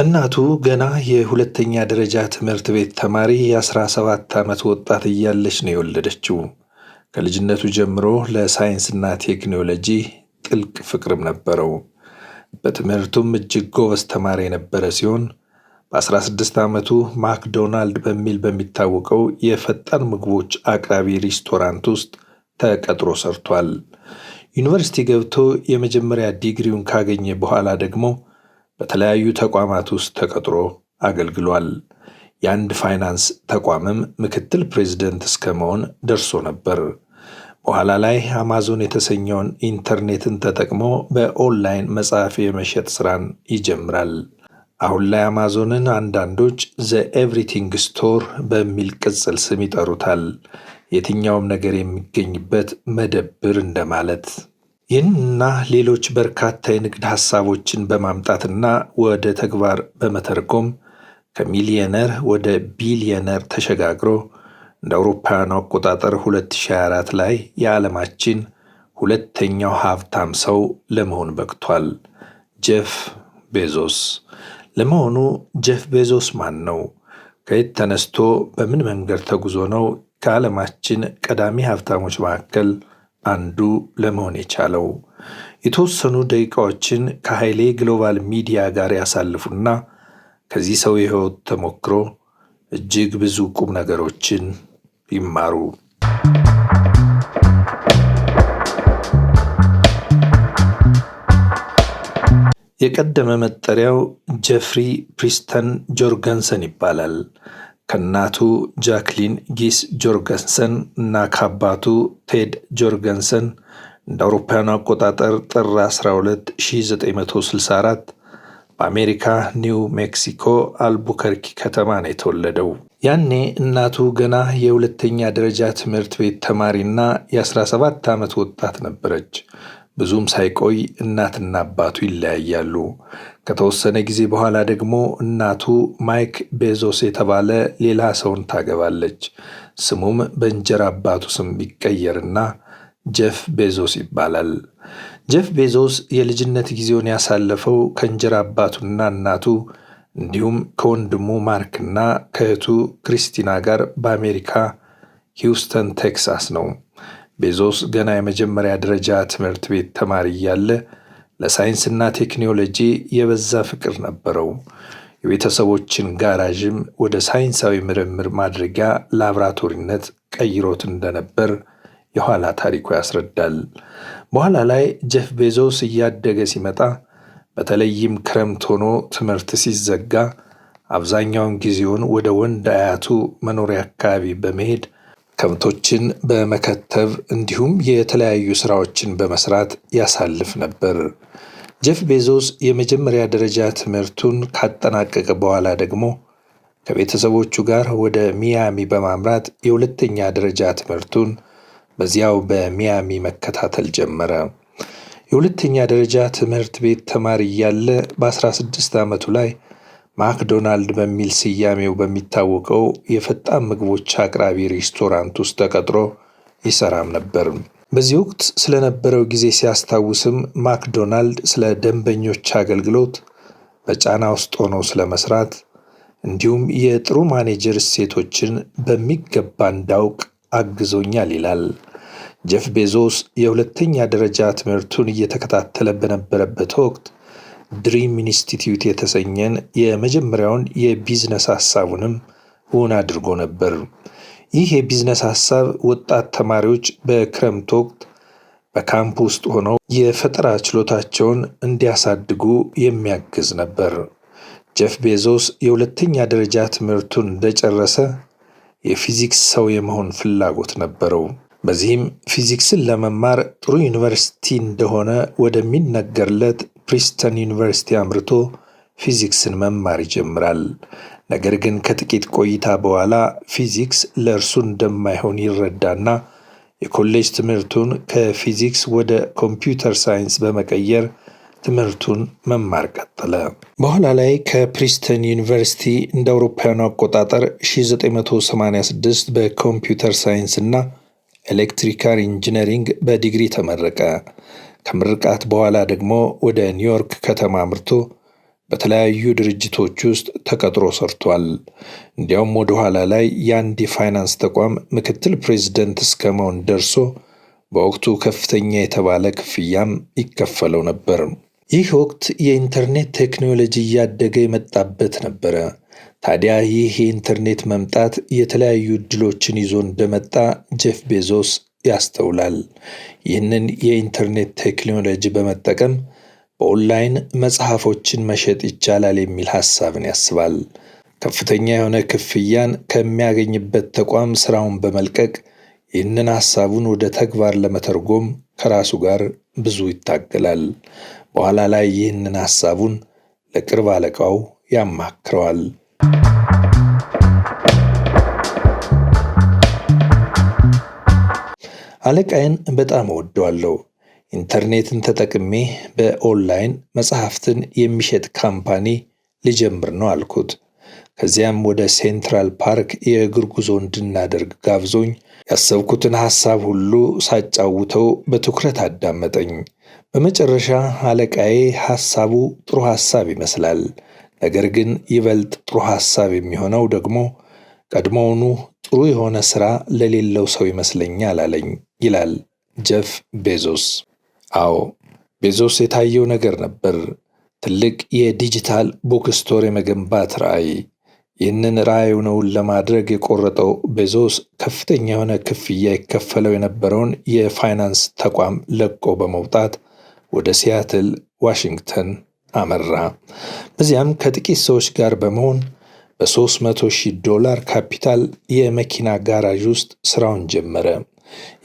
እናቱ ገና የሁለተኛ ደረጃ ትምህርት ቤት ተማሪ የ17 ዓመት ወጣት እያለች ነው የወለደችው። ከልጅነቱ ጀምሮ ለሳይንስና ቴክኖሎጂ ጥልቅ ፍቅርም ነበረው። በትምህርቱም እጅግ ጎበዝ ተማሪ የነበረ ሲሆን በ16 ዓመቱ ማክዶናልድ በሚል በሚታወቀው የፈጣን ምግቦች አቅራቢ ሬስቶራንት ውስጥ ተቀጥሮ ሰርቷል። ዩኒቨርሲቲ ገብቶ የመጀመሪያ ዲግሪውን ካገኘ በኋላ ደግሞ በተለያዩ ተቋማት ውስጥ ተቀጥሮ አገልግሏል። የአንድ ፋይናንስ ተቋምም ምክትል ፕሬዚደንት እስከ መሆን ደርሶ ነበር። በኋላ ላይ አማዞን የተሰኘውን ኢንተርኔትን ተጠቅሞ በኦንላይን መጽሐፍ የመሸጥ ስራን ይጀምራል። አሁን ላይ አማዞንን አንዳንዶች ዘ ኤቭሪቲንግ ስቶር በሚል ቅጽል ስም ይጠሩታል። የትኛውም ነገር የሚገኝበት መደብር እንደማለት ይህንና ሌሎች በርካታ የንግድ ሐሳቦችን በማምጣትና ወደ ተግባር በመተርጎም ከሚሊየነር ወደ ቢሊየነር ተሸጋግሮ እንደ አውሮፓውያኑ አቆጣጠር 2024 ላይ የዓለማችን ሁለተኛው ሀብታም ሰው ለመሆን በቅቷል። ጀፍ ቤዞስ። ለመሆኑ ጀፍ ቤዞስ ማን ነው? ከየት ተነስቶ በምን መንገድ ተጉዞ ነው ከዓለማችን ቀዳሚ ሀብታሞች መካከል አንዱ ለመሆን የቻለው የተወሰኑ ደቂቃዎችን ከኃይሌ ግሎባል ሚዲያ ጋር ያሳልፉና ከዚህ ሰው የህይወት ተሞክሮ እጅግ ብዙ ቁም ነገሮችን ይማሩ። የቀደመ መጠሪያው ጀፍሪ ፕሪስተን ጆርገንሰን ይባላል። ከእናቱ ጃክሊን ጊስ ጆርገንሰን እና ከአባቱ ቴድ ጆርገንሰን እንደ አውሮፓውያኑ አቆጣጠር ጥር 12 1964 በአሜሪካ ኒው ሜክሲኮ አልቡከርኪ ከተማ ነው የተወለደው። ያኔ እናቱ ገና የሁለተኛ ደረጃ ትምህርት ቤት ተማሪና የ17 ዓመት ወጣት ነበረች። ብዙም ሳይቆይ እናትና አባቱ ይለያያሉ። ከተወሰነ ጊዜ በኋላ ደግሞ እናቱ ማይክ ቤዞስ የተባለ ሌላ ሰውን ታገባለች። ስሙም በእንጀራ አባቱ ስም ቢቀየርና ጄፍ ቤዞስ ይባላል። ጀፍ ቤዞስ የልጅነት ጊዜውን ያሳለፈው ከእንጀራ አባቱና እናቱ እንዲሁም ከወንድሙ ማርክና ከእህቱ ክሪስቲና ጋር በአሜሪካ ሂውስተን ቴክሳስ ነው። ቤዞስ ገና የመጀመሪያ ደረጃ ትምህርት ቤት ተማሪ እያለ ለሳይንስና ቴክኖሎጂ የበዛ ፍቅር ነበረው። የቤተሰቦችን ጋራዥም ወደ ሳይንሳዊ ምርምር ማድረጊያ ላብራቶሪነት ቀይሮት እንደነበር የኋላ ታሪኩ ያስረዳል። በኋላ ላይ ጀፍ ቤዞስ እያደገ ሲመጣ በተለይም ክረምት ሆኖ ትምህርት ሲዘጋ አብዛኛውን ጊዜውን ወደ ወንድ አያቱ መኖሪያ አካባቢ በመሄድ ከብቶችን በመከተብ እንዲሁም የተለያዩ ስራዎችን በመስራት ያሳልፍ ነበር። ጀፍ ቤዞስ የመጀመሪያ ደረጃ ትምህርቱን ካጠናቀቀ በኋላ ደግሞ ከቤተሰቦቹ ጋር ወደ ሚያሚ በማምራት የሁለተኛ ደረጃ ትምህርቱን በዚያው በሚያሚ መከታተል ጀመረ። የሁለተኛ ደረጃ ትምህርት ቤት ተማሪ እያለ በ16 ዓመቱ ላይ ማክዶናልድ በሚል ስያሜው በሚታወቀው የፈጣን ምግቦች አቅራቢ ሬስቶራንት ውስጥ ተቀጥሮ ይሰራም ነበር። በዚህ ወቅት ስለነበረው ጊዜ ሲያስታውስም ማክዶናልድ ስለ ደንበኞች አገልግሎት፣ በጫና ውስጥ ሆኖ ስለመስራት እንዲሁም የጥሩ ማኔጀር እሴቶችን በሚገባ እንዳውቅ አግዞኛል ይላል። ጀፍ ቤዞስ የሁለተኛ ደረጃ ትምህርቱን እየተከታተለ በነበረበት ወቅት ድሪም ኢንስቲትዩት የተሰኘን የመጀመሪያውን የቢዝነስ ሀሳቡንም እውን አድርጎ ነበር። ይህ የቢዝነስ ሀሳብ ወጣት ተማሪዎች በክረምት ወቅት በካምፕ ውስጥ ሆነው የፈጠራ ችሎታቸውን እንዲያሳድጉ የሚያግዝ ነበር። ጀፍ ቤዞስ የሁለተኛ ደረጃ ትምህርቱን እንደጨረሰ የፊዚክስ ሰው የመሆን ፍላጎት ነበረው። በዚህም ፊዚክስን ለመማር ጥሩ ዩኒቨርሲቲ እንደሆነ ወደሚነገርለት ፕሪስተን ዩኒቨርሲቲ አምርቶ ፊዚክስን መማር ይጀምራል። ነገር ግን ከጥቂት ቆይታ በኋላ ፊዚክስ ለእርሱ እንደማይሆን ይረዳና የኮሌጅ ትምህርቱን ከፊዚክስ ወደ ኮምፒውተር ሳይንስ በመቀየር ትምህርቱን መማር ቀጠለ። በኋላ ላይ ከፕሪስተን ዩኒቨርሲቲ እንደ አውሮፓውያኑ አቆጣጠር 1986 በኮምፒውተር ሳይንስ እና ኤሌክትሪካል ኢንጂነሪንግ በዲግሪ ተመረቀ። ከምርቃት በኋላ ደግሞ ወደ ኒውዮርክ ከተማ አምርቶ በተለያዩ ድርጅቶች ውስጥ ተቀጥሮ ሰርቷል። እንዲያውም ወደ ኋላ ላይ የአንድ የፋይናንስ ተቋም ምክትል ፕሬዚደንት እስከ መሆን ደርሶ በወቅቱ ከፍተኛ የተባለ ክፍያም ይከፈለው ነበር። ይህ ወቅት የኢንተርኔት ቴክኖሎጂ እያደገ የመጣበት ነበረ። ታዲያ ይህ የኢንተርኔት መምጣት የተለያዩ እድሎችን ይዞ እንደመጣ ጄፍ ቤዞስ ያስተውላል። ይህንን የኢንተርኔት ቴክኖሎጂ በመጠቀም በኦንላይን መጽሐፎችን መሸጥ ይቻላል የሚል ሐሳብን ያስባል። ከፍተኛ የሆነ ክፍያን ከሚያገኝበት ተቋም ስራውን በመልቀቅ ይህንን ሐሳቡን ወደ ተግባር ለመተርጎም ከራሱ ጋር ብዙ ይታገላል። በኋላ ላይ ይህንን ሐሳቡን ለቅርብ አለቃው ያማክረዋል። አለቃዬን በጣም እወደዋለሁ። ኢንተርኔትን ተጠቅሜ በኦንላይን መጽሐፍትን የሚሸጥ ካምፓኒ ልጀምር ነው አልኩት። ከዚያም ወደ ሴንትራል ፓርክ የእግር ጉዞ እንድናደርግ ጋብዞኝ ያሰብኩትን ሐሳብ ሁሉ ሳጫውተው በትኩረት አዳመጠኝ። በመጨረሻ አለቃዬ ሐሳቡ ጥሩ ሐሳብ ይመስላል፣ ነገር ግን ይበልጥ ጥሩ ሐሳብ የሚሆነው ደግሞ ቀድሞውኑ ጥሩ የሆነ ስራ ለሌለው ሰው ይመስለኛል አለኝ ይላል ጀፍ ቤዞስ። አዎ ቤዞስ የታየው ነገር ነበር፣ ትልቅ የዲጂታል ቡክስቶር የመገንባት ራዕይ። ይህንን ራዕዩን እውን ለማድረግ የቆረጠው ቤዞስ ከፍተኛ የሆነ ክፍያ ይከፈለው የነበረውን የፋይናንስ ተቋም ለቆ በመውጣት ወደ ሲያትል ዋሽንግተን አመራ። በዚያም ከጥቂት ሰዎች ጋር በመሆን በ300 ሺህ ዶላር ካፒታል የመኪና ጋራዥ ውስጥ ስራውን ጀመረ።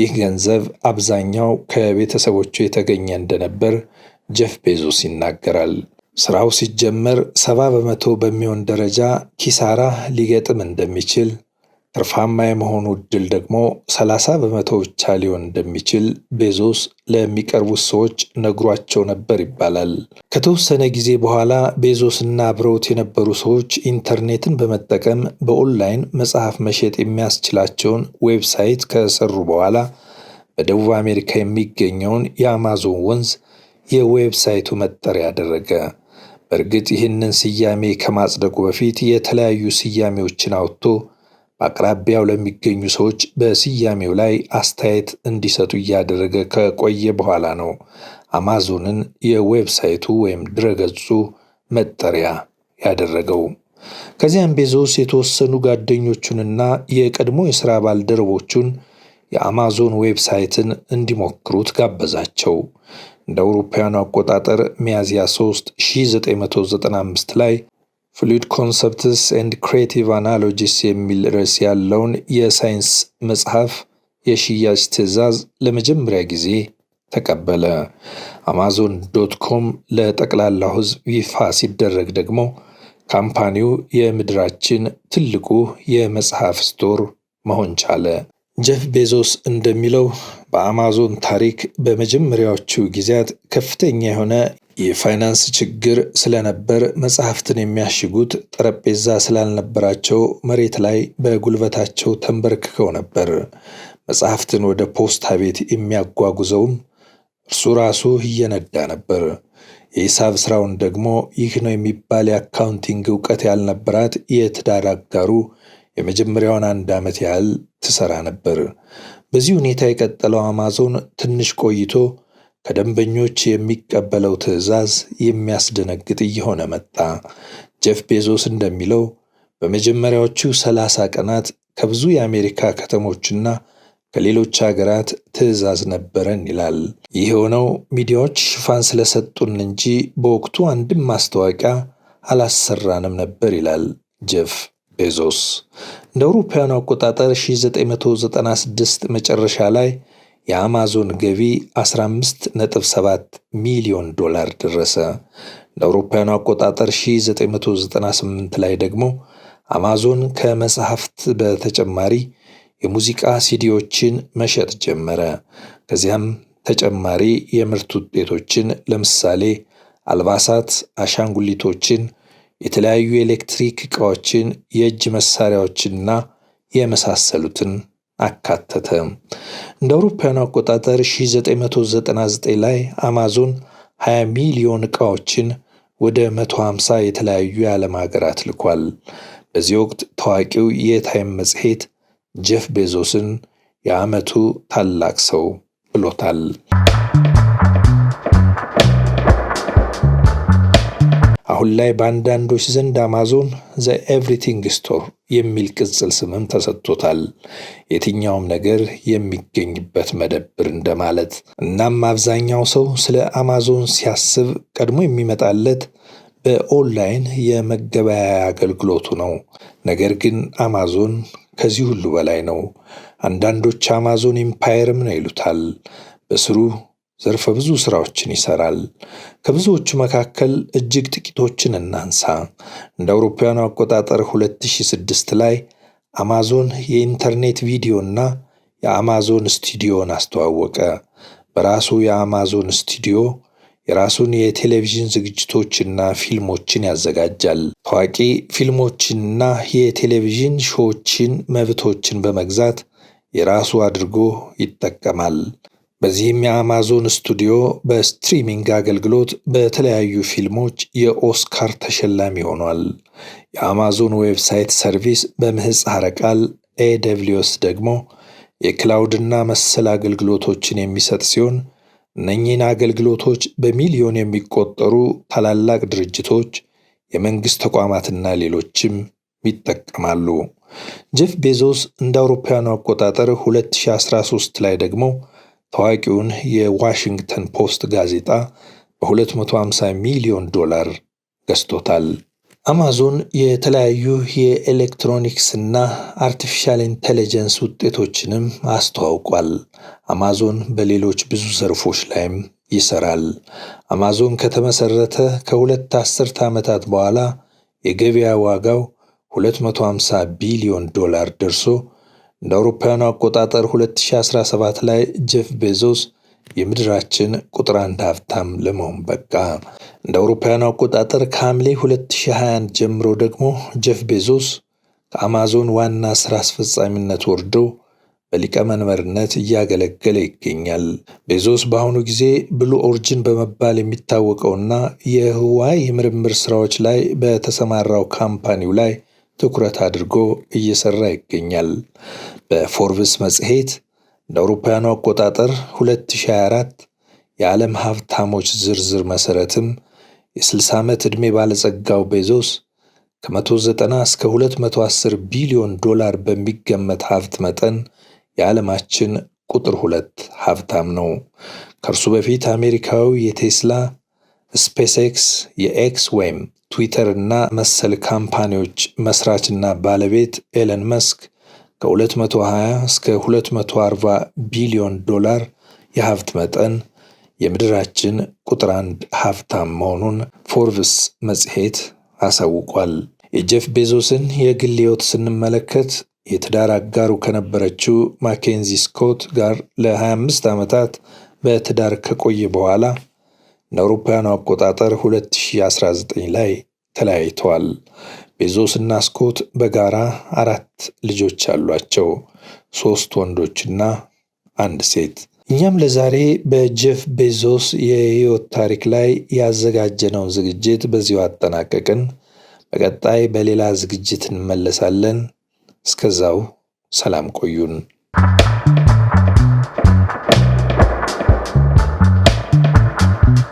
ይህ ገንዘብ አብዛኛው ከቤተሰቦቹ የተገኘ እንደነበር ጀፍ ቤዞስ ይናገራል። ስራው ሲጀመር ሰባ በመቶ በሚሆን ደረጃ ኪሳራ ሊገጥም እንደሚችል ትርፋማ የመሆኑ እድል ደግሞ 30 በመቶ ብቻ ሊሆን እንደሚችል ቤዞስ ለሚቀርቡት ሰዎች ነግሯቸው ነበር ይባላል። ከተወሰነ ጊዜ በኋላ ቤዞስና አብረውት የነበሩ ሰዎች ኢንተርኔትን በመጠቀም በኦንላይን መጽሐፍ መሸጥ የሚያስችላቸውን ዌብሳይት ከሰሩ በኋላ በደቡብ አሜሪካ የሚገኘውን የአማዞን ወንዝ የዌብሳይቱ መጠሪያ አደረገ። በእርግጥ ይህንን ስያሜ ከማጽደቁ በፊት የተለያዩ ስያሜዎችን አውጥቶ በአቅራቢያው ለሚገኙ ሰዎች በስያሜው ላይ አስተያየት እንዲሰጡ እያደረገ ከቆየ በኋላ ነው አማዞንን የዌብሳይቱ ወይም ድረገጹ መጠሪያ ያደረገው። ከዚያም ቤዞስ የተወሰኑ ጓደኞቹንና የቀድሞ የሥራ ባልደረቦቹን የአማዞን ዌብሳይትን እንዲሞክሩት ጋበዛቸው። እንደ አውሮፓውያኑ አቆጣጠር ሚያዝያ 3 1995 ላይ ፍሉድ ኮንሰፕትስ ኤንድ ክሬቲቭ አናሎጂስ የሚል ርዕስ ያለውን የሳይንስ መጽሐፍ የሽያጭ ትዕዛዝ ለመጀመሪያ ጊዜ ተቀበለ። አማዞን ዶት ኮም ለጠቅላላው ሕዝብ ይፋ ሲደረግ ደግሞ ካምፓኒው የምድራችን ትልቁ የመጽሐፍ ስቶር መሆን ቻለ። ጀፍ ቤዞስ እንደሚለው በአማዞን ታሪክ በመጀመሪያዎቹ ጊዜያት ከፍተኛ የሆነ የፋይናንስ ችግር ስለነበር መጽሐፍትን የሚያሽጉት ጠረጴዛ ስላልነበራቸው መሬት ላይ በጉልበታቸው ተንበርክከው ነበር። መጽሐፍትን ወደ ፖስታ ቤት የሚያጓጉዘውም እርሱ ራሱ እየነዳ ነበር። የሂሳብ ስራውን ደግሞ ይህ ነው የሚባል የአካውንቲንግ እውቀት ያልነበራት የትዳር አጋሩ የመጀመሪያውን አንድ ዓመት ያህል ትሰራ ነበር። በዚህ ሁኔታ የቀጠለው አማዞን ትንሽ ቆይቶ ከደንበኞች የሚቀበለው ትዕዛዝ የሚያስደነግጥ እየሆነ መጣ። ጀፍ ቤዞስ እንደሚለው በመጀመሪያዎቹ 30 ቀናት ከብዙ የአሜሪካ ከተሞችና ከሌሎች ሀገራት ትዕዛዝ ነበረን ይላል። ይህ የሆነው ሚዲያዎች ሽፋን ስለሰጡን እንጂ በወቅቱ አንድም ማስታወቂያ አላሰራንም ነበር ይላል ጀፍ። ቤዞስ እንደ አውሮፓውያኑ አቆጣጠር 1996 መጨረሻ ላይ የአማዞን ገቢ 15.7 ሚሊዮን ዶላር ደረሰ። እንደ አውሮፓውያኑ አቆጣጠር 1998 ላይ ደግሞ አማዞን ከመጽሐፍት በተጨማሪ የሙዚቃ ሲዲዎችን መሸጥ ጀመረ። ከዚያም ተጨማሪ የምርት ውጤቶችን ለምሳሌ አልባሳት፣ አሻንጉሊቶችን የተለያዩ የኤሌክትሪክ እቃዎችን የእጅ መሳሪያዎችንና የመሳሰሉትን አካተተ። እንደ አውሮፓውያኑ አቆጣጠር 1999 ላይ አማዞን 20 ሚሊዮን እቃዎችን ወደ 150 የተለያዩ የዓለም ሀገራት ልኳል። በዚህ ወቅት ታዋቂው የታይም መጽሔት ጄፍ ቤዞስን የዓመቱ ታላቅ ሰው ብሎታል። አሁን ላይ በአንዳንዶች ዘንድ አማዞን ዘ ኤቭሪቲንግ ስቶር የሚል ቅጽል ስምም ተሰጥቶታል። የትኛውም ነገር የሚገኝበት መደብር እንደማለት። እናም አብዛኛው ሰው ስለ አማዞን ሲያስብ ቀድሞ የሚመጣለት በኦንላይን የመገበያያ አገልግሎቱ ነው። ነገር ግን አማዞን ከዚህ ሁሉ በላይ ነው። አንዳንዶች አማዞን ኢምፓየርም ነው ይሉታል። በስሩ ዘርፈ ብዙ ስራዎችን ይሰራል። ከብዙዎቹ መካከል እጅግ ጥቂቶችን እናንሳ። እንደ አውሮፓውያኑ አቆጣጠር 2006 ላይ አማዞን የኢንተርኔት ቪዲዮ የአማዞን ስቱዲዮን አስተዋወቀ። በራሱ የአማዞን ስቱዲዮ የራሱን የቴሌቪዥን ዝግጅቶችና ፊልሞችን ያዘጋጃል። ታዋቂ ፊልሞችንና የቴሌቪዥን ሾዎችን መብቶችን በመግዛት የራሱ አድርጎ ይጠቀማል። በዚህም የአማዞን ስቱዲዮ በስትሪሚንግ አገልግሎት በተለያዩ ፊልሞች የኦስካር ተሸላሚ ሆኗል። የአማዞን ዌብሳይት ሰርቪስ በምህፃረ ቃል ኤደብሊውኤስ ደግሞ የክላውድና መሰል አገልግሎቶችን የሚሰጥ ሲሆን እነኚህን አገልግሎቶች በሚሊዮን የሚቆጠሩ ታላላቅ ድርጅቶች፣ የመንግሥት ተቋማትና ሌሎችም ይጠቀማሉ። ጄፍ ቤዞስ እንደ አውሮፓውያኑ አቆጣጠር 2013 ላይ ደግሞ ታዋቂውን የዋሽንግተን ፖስት ጋዜጣ በ250 ሚሊዮን ዶላር ገዝቶታል። አማዞን የተለያዩ የኤሌክትሮኒክስ እና አርቲፊሻል ኢንቴሊጀንስ ውጤቶችንም አስተዋውቋል። አማዞን በሌሎች ብዙ ዘርፎች ላይም ይሰራል። አማዞን ከተመሰረተ ከሁለት አስርት ዓመታት በኋላ የገበያ ዋጋው 250 ቢሊዮን ዶላር ደርሶ እንደ አውሮፓውያኑ አቆጣጠር 2017 ላይ ጀፍ ቤዞስ የምድራችን ቁጥር አንድ ሀብታም ለመሆን በቃ። እንደ አውሮፓውያኑ አቆጣጠር ከሐምሌ 2021 ጀምሮ ደግሞ ጄፍ ቤዞስ ከአማዞን ዋና ስራ አስፈጻሚነት ወርዶ በሊቀመንበርነት እያገለገለ ይገኛል። ቤዞስ በአሁኑ ጊዜ ብሉ ኦርጅን በመባል የሚታወቀውና የህዋይ የምርምር ስራዎች ላይ በተሰማራው ካምፓኒው ላይ ትኩረት አድርጎ እየሰራ ይገኛል። በፎርብስ መጽሔት እንደ አውሮፓውያኑ አቆጣጠር 2024 የዓለም ሀብታሞች ዝርዝር መሠረትም የ60 ዓመት ዕድሜ ባለጸጋው ቤዞስ ከ190 እስከ 210 ቢሊዮን ዶላር በሚገመት ሀብት መጠን የዓለማችን ቁጥር ሁለት ሀብታም ነው። ከእርሱ በፊት አሜሪካዊ የቴስላ ስፔስ ኤክስ የኤክስ ወይም ትዊተር እና መሰል ካምፓኒዎች መስራችና ባለቤት ኤለን መስክ ከ220 እስከ 240 ቢሊዮን ዶላር የሀብት መጠን የምድራችን ቁጥር አንድ ሀብታም መሆኑን ፎርብስ መጽሔት አሳውቋል። የጄፍ ቤዞስን የግል ሕይወት ስንመለከት የትዳር አጋሩ ከነበረችው ማኬንዚ ስኮት ጋር ለ25 ዓመታት በትዳር ከቆየ በኋላ ለአውሮፓውያኑ አቆጣጠር 2019 ላይ ተለያይተዋል። ቤዞስ እና ስኮት በጋራ አራት ልጆች አሏቸው፣ ሶስት ወንዶችና አንድ ሴት። እኛም ለዛሬ በጄፍ ቤዞስ የህይወት ታሪክ ላይ ያዘጋጀነውን ዝግጅት በዚሁ አጠናቀቅን። በቀጣይ በሌላ ዝግጅት እንመለሳለን። እስከዛው ሰላም ቆዩን።